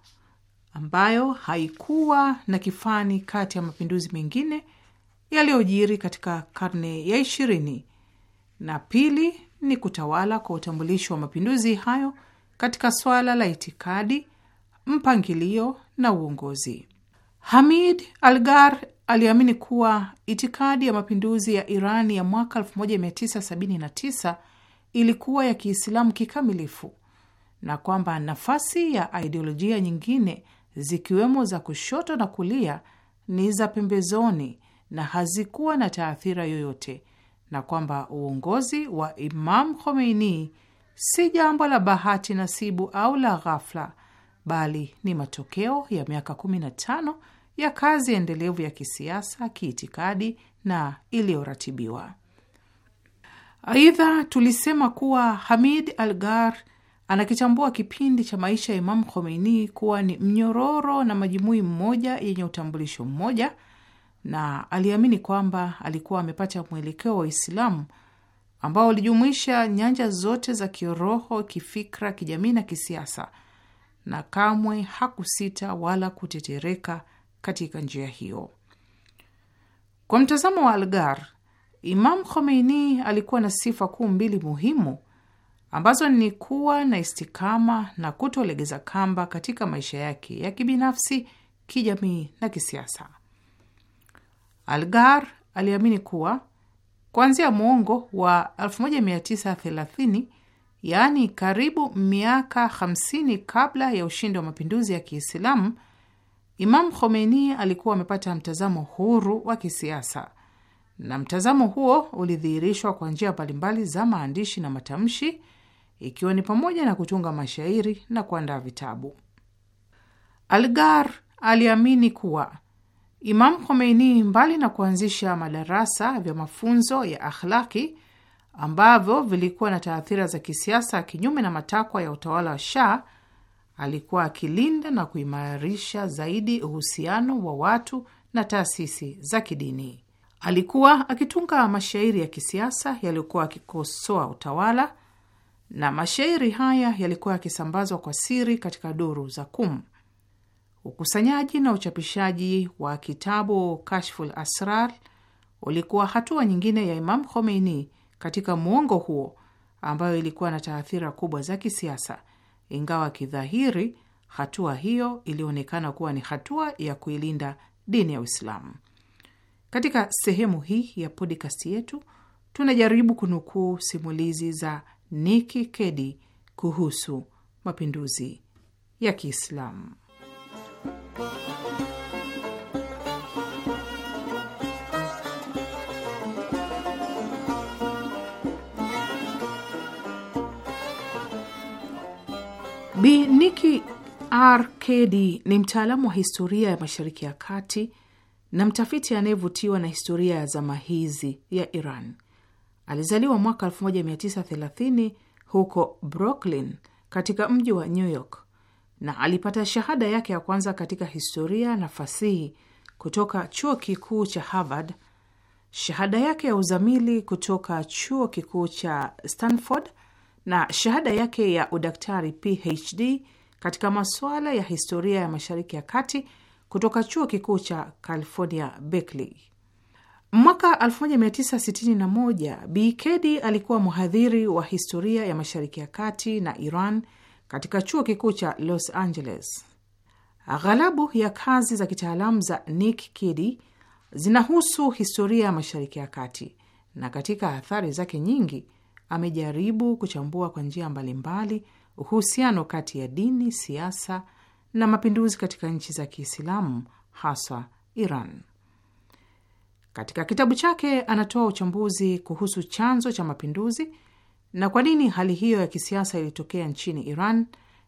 ambayo haikuwa na kifani kati ya mapinduzi mengine yaliyojiri katika karne ya ishirini, na pili ni kutawala kwa utambulisho wa mapinduzi hayo katika swala la itikadi, mpangilio na uongozi. Hamid Algar aliamini kuwa itikadi ya mapinduzi ya Irani ya mwaka 1979 ilikuwa ya Kiislamu kikamilifu na kwamba nafasi ya ideolojia nyingine zikiwemo za kushoto na kulia ni za pembezoni na hazikuwa na taathira yoyote na kwamba uongozi wa Imam Khomeini si jambo la bahati nasibu au la ghafla, bali ni matokeo ya miaka 15 ya kazi endelevu ya kisiasa, kiitikadi na iliyoratibiwa. Aidha, tulisema kuwa Hamid Algar anakitambua kipindi cha maisha ya Imam Khomeini kuwa ni mnyororo na majumui mmoja yenye utambulisho mmoja na aliamini kwamba alikuwa amepata mwelekeo wa Uislamu ambao ulijumuisha nyanja zote za kiroho, kifikra, kijamii na kisiasa, na kamwe hakusita wala kutetereka katika njia hiyo. Kwa mtazamo wa Algar, Imam Khomeini alikuwa na sifa kuu mbili muhimu ambazo ni kuwa na istikama na kutolegeza kamba katika maisha yake ya kibinafsi, kijamii na kisiasa. Algar aliamini kuwa kuanzia muongo wa 1930 yaani karibu miaka 50 kabla ya ushindi wa mapinduzi ya Kiislamu, Imam Khomeini alikuwa amepata mtazamo huru wa kisiasa, na mtazamo huo ulidhihirishwa kwa njia mbalimbali za maandishi na matamshi, ikiwa ni pamoja na kutunga mashairi na kuandaa vitabu. Algar aliamini kuwa Imam Khomeini, mbali na kuanzisha madarasa vya mafunzo ya akhlaki ambavyo vilikuwa na taathira za kisiasa kinyume na matakwa ya utawala wa Shah, alikuwa akilinda na kuimarisha zaidi uhusiano wa watu na taasisi za kidini. Alikuwa akitunga mashairi ya kisiasa yaliyokuwa akikosoa utawala, na mashairi haya yalikuwa yakisambazwa kwa siri katika duru za kumu. Ukusanyaji na uchapishaji wa kitabu Kashful Asrar ulikuwa hatua nyingine ya Imam Khomeini katika muongo huo, ambayo ilikuwa na taathira kubwa za kisiasa, ingawa kidhahiri hatua hiyo ilionekana kuwa ni hatua ya kuilinda dini ya Uislamu. Katika sehemu hii ya podcast yetu tunajaribu kunukuu simulizi za Nikki Kedi kuhusu mapinduzi ya Kiislamu. Bi Niki R Kedi ni mtaalamu wa historia ya Mashariki ya Kati na mtafiti anayevutiwa na historia ya zama hizi ya Iran. Alizaliwa mwaka 1930 huko Brooklyn katika mji wa New York na alipata shahada yake ya kwanza katika historia na fasihi kutoka chuo kikuu cha Harvard, shahada yake ya uzamili kutoka chuo kikuu cha Stanford na shahada yake ya udaktari PhD katika masuala ya historia ya Mashariki ya Kati kutoka chuo kikuu cha California Berkeley. Mwaka 1961 Bi Kedi alikuwa mhadhiri wa historia ya Mashariki ya Kati na Iran katika chuo kikuu cha Los Angeles. ghalabu ya kazi za kitaalamu za Nick Kidi zinahusu historia ya Mashariki ya Kati, na katika athari zake nyingi amejaribu kuchambua kwa njia mbalimbali uhusiano kati ya dini, siasa na mapinduzi katika nchi za Kiislamu, haswa Iran. Katika kitabu chake anatoa uchambuzi kuhusu chanzo cha mapinduzi na kwa nini hali hiyo ya kisiasa ilitokea nchini Iran,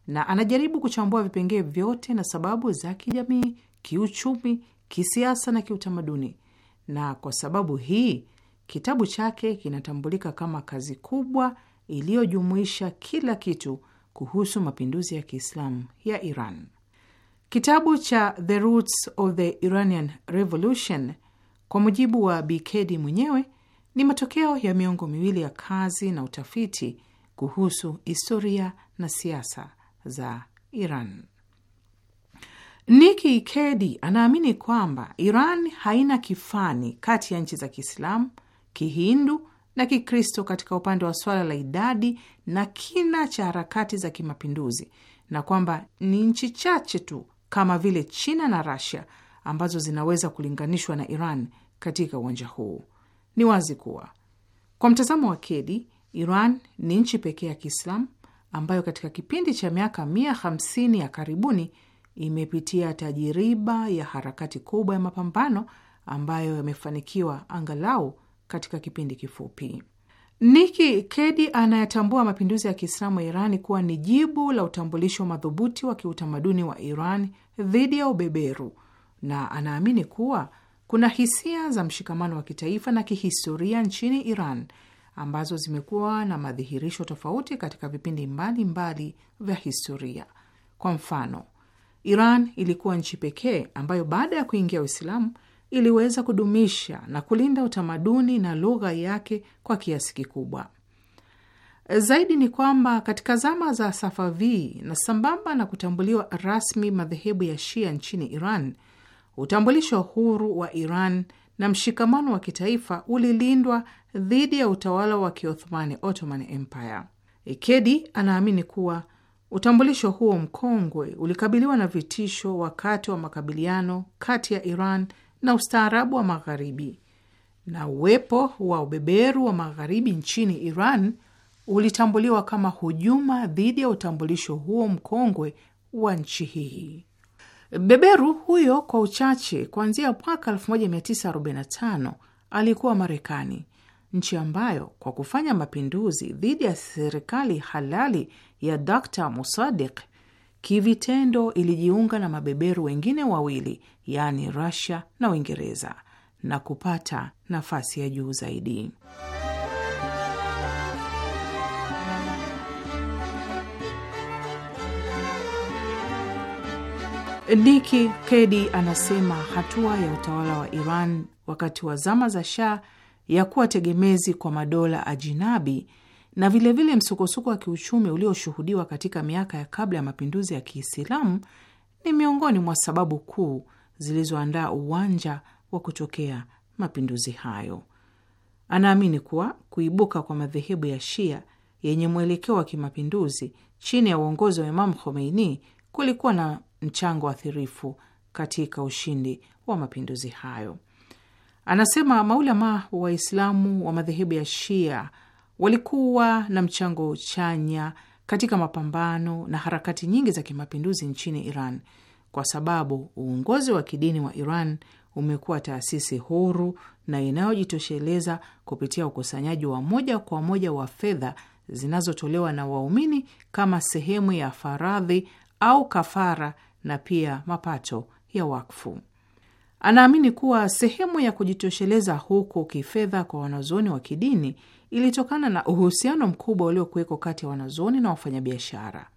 na anajaribu kuchambua vipengee vyote na sababu za kijamii, kiuchumi, kisiasa na kiutamaduni. Na kwa sababu hii kitabu chake kinatambulika kama kazi kubwa iliyojumuisha kila kitu kuhusu mapinduzi ya Kiislamu ya Iran. Kitabu cha The Roots of the Iranian Revolution, kwa mujibu wa Bikedi mwenyewe ni matokeo ya miongo miwili ya kazi na utafiti kuhusu historia na siasa za Iran. Niki Kedi anaamini kwamba Iran haina kifani kati ya nchi za Kiislamu, Kihindu na Kikristo katika upande wa swala la idadi na kina cha harakati za kimapinduzi, na kwamba ni nchi chache tu kama vile China na Russia ambazo zinaweza kulinganishwa na Iran katika uwanja huu. Ni wazi kuwa kwa mtazamo wa Kedi, Iran ni nchi pekee ya Kiislamu ambayo katika kipindi cha miaka 150 ya karibuni imepitia tajiriba ya harakati kubwa ya mapambano ambayo yamefanikiwa angalau katika kipindi kifupi. Niki Kedi anayatambua mapinduzi ya Kiislamu ya Irani kuwa ni jibu la utambulisho madhubuti wa kiutamaduni wa Iran dhidi ya ubeberu na anaamini kuwa kuna hisia za mshikamano wa kitaifa na kihistoria nchini Iran ambazo zimekuwa na madhihirisho tofauti katika vipindi mbalimbali vya historia. Kwa mfano, Iran ilikuwa nchi pekee ambayo baada ya kuingia Uislamu iliweza kudumisha na kulinda utamaduni na lugha yake kwa kiasi kikubwa. Zaidi ni kwamba katika zama za Safavi na sambamba na kutambuliwa rasmi madhehebu ya Shia nchini Iran, Utambulisho huru wa Iran na mshikamano wa kitaifa ulilindwa dhidi ya utawala wa Kiothmani, Ottoman Empire. Ikedi anaamini kuwa utambulisho huo mkongwe ulikabiliwa na vitisho wakati wa makabiliano kati ya Iran na ustaarabu wa Magharibi, na uwepo wa ubeberu wa Magharibi nchini Iran ulitambuliwa kama hujuma dhidi ya utambulisho huo mkongwe wa nchi hii. Beberu huyo kwa uchache kuanzia mwaka 1945 alikuwa Marekani, nchi ambayo kwa kufanya mapinduzi dhidi ya serikali halali ya Dr Musadik kivitendo ilijiunga na mabeberu wengine wawili, yaani Rusia na Uingereza, na kupata nafasi ya juu zaidi. Niki Kedi anasema hatua ya utawala wa Iran wakati wa zama za Shah ya kuwa tegemezi kwa madola ajinabi na vilevile msukosuko wa kiuchumi ulioshuhudiwa katika miaka ya kabla ya mapinduzi ya Kiislamu ni miongoni mwa sababu kuu zilizoandaa uwanja wa kutokea mapinduzi hayo. Anaamini kuwa kuibuka kwa madhehebu ya Shia yenye mwelekeo wa kimapinduzi chini ya uongozi wa Imamu Khomeini kulikuwa na mchango athirifu katika ushindi wa mapinduzi hayo. Anasema maulama wa Waislamu wa madhehebu ya Shia walikuwa na mchango chanya katika mapambano na harakati nyingi za kimapinduzi nchini Iran, kwa sababu uongozi wa kidini wa Iran umekuwa taasisi huru na inayojitosheleza kupitia ukusanyaji wa moja kwa moja wa fedha zinazotolewa na waumini kama sehemu ya faradhi au kafara na pia mapato ya wakfu. Anaamini kuwa sehemu ya kujitosheleza huku kifedha kwa wanazuoni wa kidini ilitokana na uhusiano mkubwa uliokuweko kati ya wanazuoni na wafanyabiashara.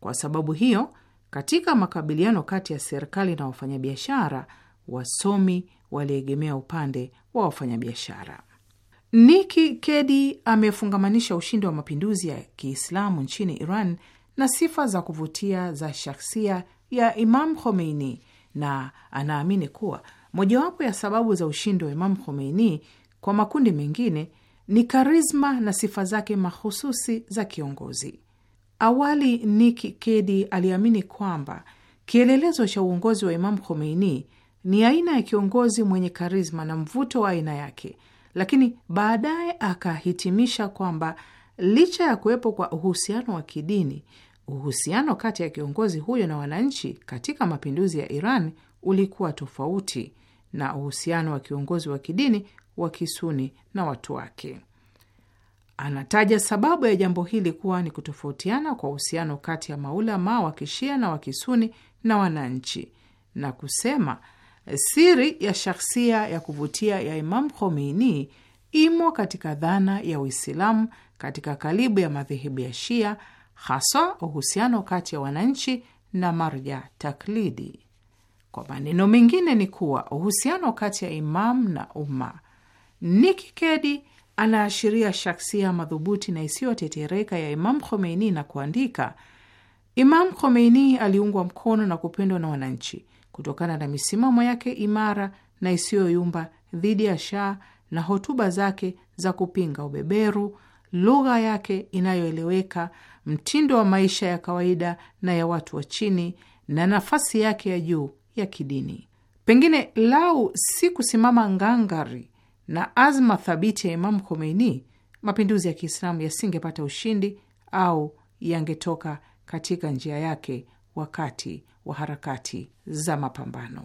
Kwa sababu hiyo, katika makabiliano kati ya serikali na wafanyabiashara, wasomi waliegemea upande wa wafanyabiashara. Niki Kedi amefungamanisha ushindi wa mapinduzi ya Kiislamu nchini Iran na sifa za kuvutia za shaksia ya Imam Khomeini, na anaamini kuwa mojawapo ya sababu za ushindi wa Imam Khomeini kwa makundi mengine ni karisma na sifa zake mahususi za kiongozi. Awali Niki Kedi aliamini kwamba kielelezo cha uongozi wa Imam Khomeini ni aina ya kiongozi mwenye karisma na mvuto wa aina yake, lakini baadaye akahitimisha kwamba licha ya kuwepo kwa uhusiano wa kidini uhusiano kati ya kiongozi huyo na wananchi katika mapinduzi ya Iran ulikuwa tofauti na uhusiano wa kiongozi wa kidini wa Kisuni na watu wake. Anataja sababu ya jambo hili kuwa ni kutofautiana kwa uhusiano kati ya maulama wa Kishia na wa Kisuni na wananchi, na kusema siri ya shakhsia ya kuvutia ya Imam Khomeini imo katika dhana ya Uislamu katika kalibu ya madhehebu ya Shia hasa uhusiano kati ya wananchi na marja taklidi. Kwa maneno mengine, ni kuwa uhusiano kati ya imamu na umma. Niki Kedi anaashiria shaksia madhubuti na isiyotetereka ya Imam Khomeini na kuandika, Imam Khomeini aliungwa mkono na kupendwa na wananchi kutokana na misimamo yake imara na isiyoyumba dhidi ya Shah na hotuba zake za kupinga ubeberu lugha yake inayoeleweka, mtindo wa maisha ya kawaida na ya watu wa chini, na nafasi yake ya juu ya kidini. Pengine lau si kusimama ngangari na azma thabiti ya Imamu Khomeini, mapinduzi ya Kiislamu yasingepata ushindi au yangetoka katika njia yake wakati wa harakati za mapambano.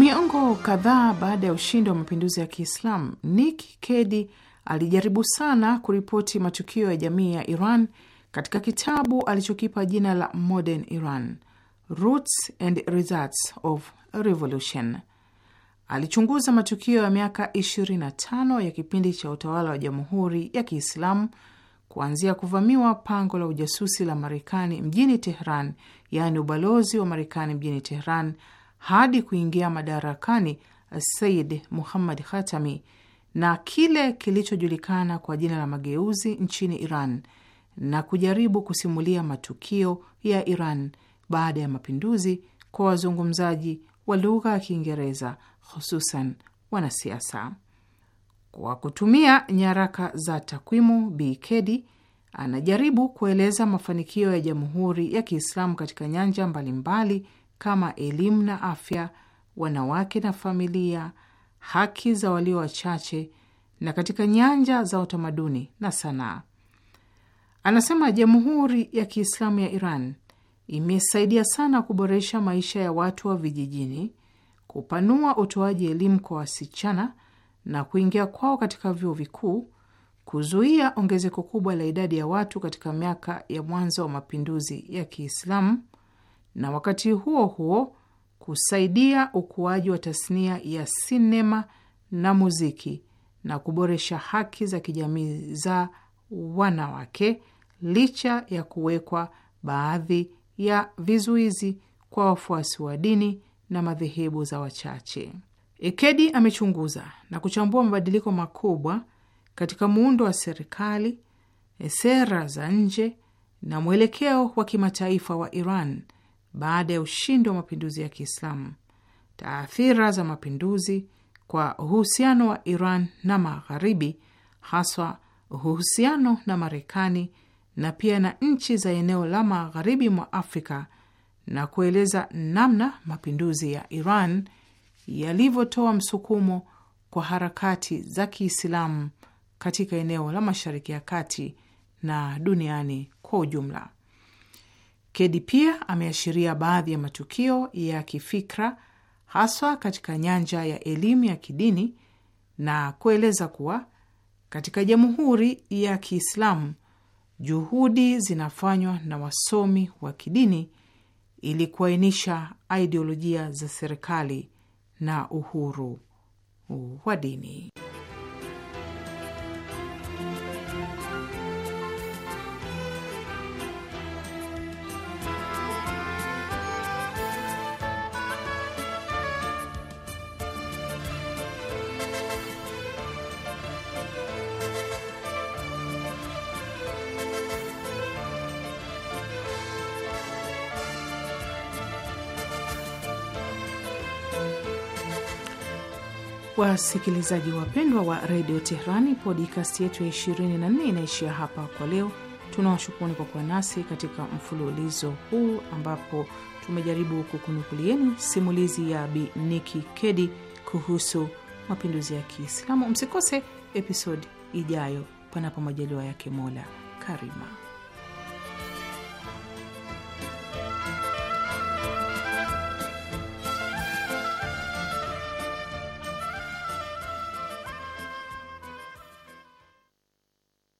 Miongo kadhaa baada ya ushindi wa mapinduzi ya Kiislamu, Nik Kedi alijaribu sana kuripoti matukio ya jamii ya Iran katika kitabu alichokipa jina la Modern Iran, Roots and Results of Revolution. Alichunguza matukio ya miaka 25 ya kipindi cha utawala wa Jamhuri ya Kiislamu kuanzia kuvamiwa pango la ujasusi la Marekani mjini Tehran, yaani ubalozi wa Marekani mjini Tehran hadi kuingia madarakani Said Muhammad Khatami na kile kilichojulikana kwa jina la mageuzi nchini Iran na kujaribu kusimulia matukio ya Iran baada ya mapinduzi kwa wazungumzaji wa lugha ya Kiingereza, hususan wanasiasa. Kwa kutumia nyaraka za takwimu, Bi Kedi anajaribu kueleza mafanikio ya Jamhuri ya Kiislamu katika nyanja mbalimbali mbali kama elimu na afya, wanawake na familia, haki za walio wachache na katika nyanja za utamaduni na sanaa. Anasema Jamhuri ya Kiislamu ya Iran imesaidia sana kuboresha maisha ya watu wa vijijini, kupanua utoaji elimu kwa wasichana na kuingia kwao katika vyuo vikuu, kuzuia ongezeko kubwa la idadi ya watu katika miaka ya mwanzo wa mapinduzi ya Kiislamu na wakati huo huo kusaidia ukuaji wa tasnia ya sinema na muziki na kuboresha haki za kijamii za wanawake licha ya kuwekwa baadhi ya vizuizi kwa wafuasi wa dini na madhehebu za wachache. Ekedi amechunguza na kuchambua mabadiliko makubwa katika muundo wa serikali, sera za nje na mwelekeo wa kimataifa wa Iran baada ya ushindi wa mapinduzi ya Kiislamu, taathira za mapinduzi kwa uhusiano wa Iran na Magharibi, haswa uhusiano na Marekani na pia na nchi za eneo la magharibi mwa Afrika na kueleza namna mapinduzi ya Iran yalivyotoa msukumo kwa harakati za Kiislamu katika eneo la Mashariki ya Kati na duniani kwa ujumla. Kedi pia ameashiria baadhi ya matukio ya kifikra haswa katika nyanja ya elimu ya kidini na kueleza kuwa katika Jamhuri ya Kiislamu juhudi zinafanywa na wasomi wa kidini ili kuainisha ideolojia za serikali na uhuru wa dini. Wasikilizaji wapendwa wa redio Teherani, podcast yetu ya 24 inaishia hapa kwa leo. Tunawashukuruni kwa kuwa nasi katika mfululizo huu ambapo tumejaribu kukunukulieni simulizi ya Bi Niki Kedi kuhusu mapinduzi ya Kiislamu. Msikose episodi ijayo, panapo majaliwa yake Mola Karima.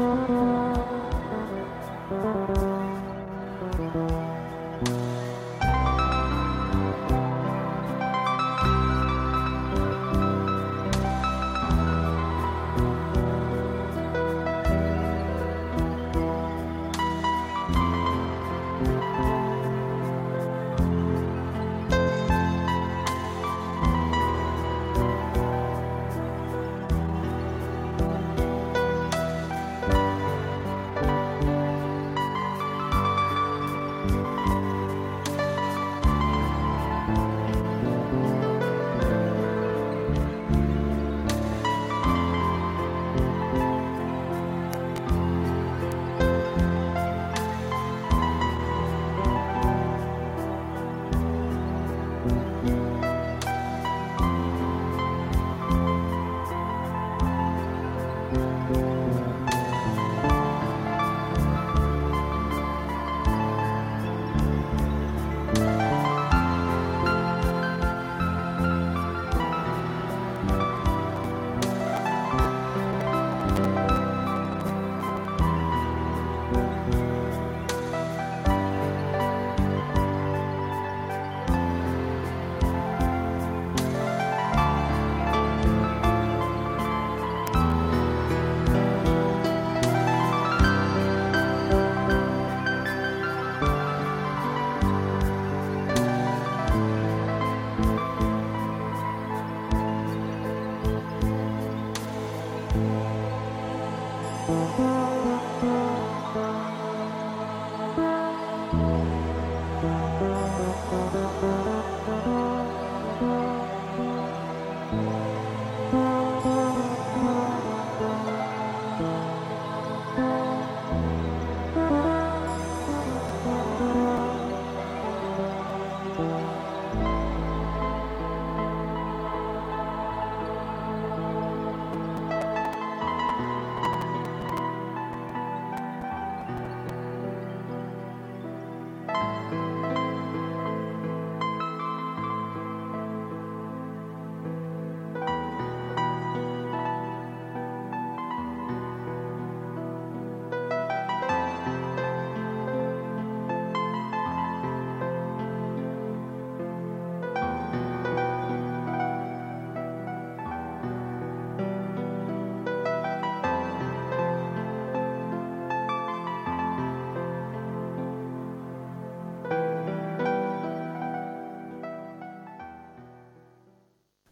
Mm-hmm.